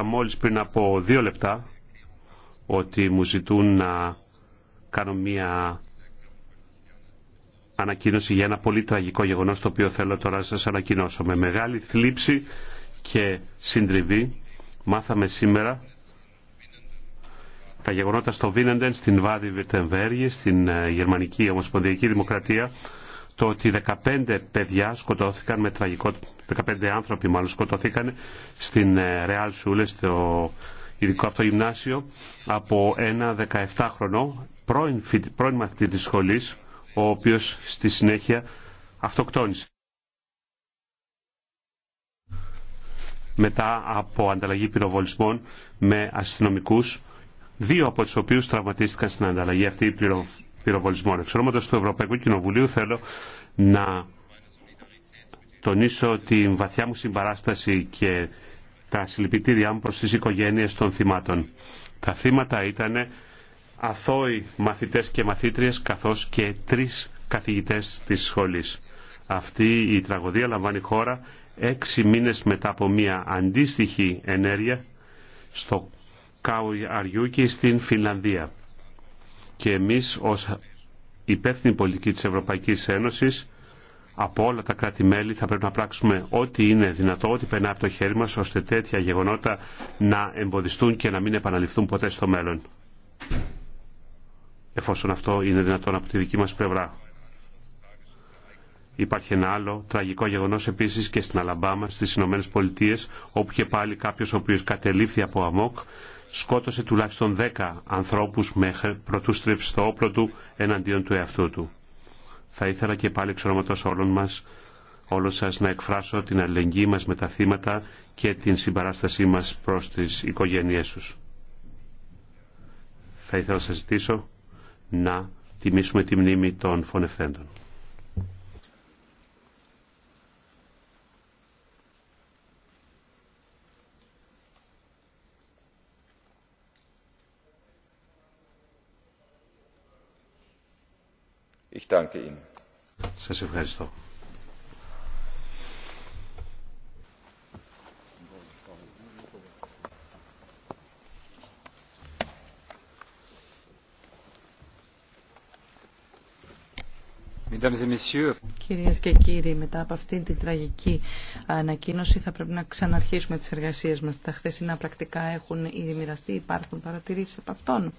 σκέφτηκα μόλις πριν από δύο λεπτά ότι μου ζητούν να κάνω μία ανακοίνωση για ένα πολύ τραγικό γεγονός το οποίο θέλω τώρα να σας ανακοινώσω. Με μεγάλη θλίψη και συντριβή μάθαμε σήμερα τα γεγονότα στο Βίνεντεν, στην Βάδη Βιρτεμβέργη, στην ε, Γερμανική Ομοσπονδιακή Δημοκρατία το ότι 15 παιδιά σκοτώθηκαν με τραγικό, 15 άνθρωποι μάλλον σκοτώθηκαν στην ε, Ρεάλ Σούλε, στο ειδικό αυτό γυμνάσιο, από ένα 17χρονο πρώην, μαθητή της σχολής, ο οποίος στη συνέχεια αυτοκτόνησε. μετά από ανταλλαγή πυροβολισμών με αστυνομικούς, δύο από τους οποίους τραυματίστηκαν στην ανταλλαγή αυτή πυροβολισμών. Εξ του Ευρωπαϊκού Κοινοβουλίου θέλω να τονίσω την βαθιά μου συμπαράσταση και τα συλληπιτήριά μου προς τις οικογένειες των θυμάτων. Τα θύματα ήταν αθώοι μαθητές και μαθήτριες καθώς και τρεις καθηγητές της σχολής. Αυτή η τραγωδία λαμβάνει χώρα έξι μήνες μετά από μια αντίστοιχη ενέργεια στο Κάου Αριού στην Φινλανδία και εμείς ως υπεύθυνη πολιτική της Ευρωπαϊκής Ένωσης από όλα τα κράτη-μέλη θα πρέπει να πράξουμε ό,τι είναι δυνατό, ό,τι περνά από το χέρι μας, ώστε τέτοια γεγονότα να εμποδιστούν και να μην επαναληφθούν ποτέ στο μέλλον. Εφόσον αυτό είναι δυνατόν από τη δική μας πλευρά. Υπάρχει ένα άλλο τραγικό γεγονός επίσης και στην Αλαμπάμα, στις Ηνωμένες Πολιτείες, όπου και πάλι κάποιος ο οποίος κατελήφθη από αμόκ σκότωσε τουλάχιστον 10 ανθρώπους μέχρι πρωτού στρίψει το όπλο του εναντίον του εαυτού του. Θα ήθελα και πάλι εξ όλων μας, όλων σας να εκφράσω την αλληλεγγύη μας με τα θύματα και την συμπαράστασή μας προς τις οικογένειές τους. Θα ήθελα να σας ζητήσω να τιμήσουμε τη μνήμη των φωνευθέντων. Ich danke Ihnen. Σας ευχαριστώ. Κυρίες και κύριοι, μετά από αυτήν την τραγική ανακοίνωση θα πρέπει να ξαναρχίσουμε τις εργασίες μας. Τα χθεσινά πρακτικά έχουν ήδη μοιραστεί, υπάρχουν παρατηρήσεις από αυτόν.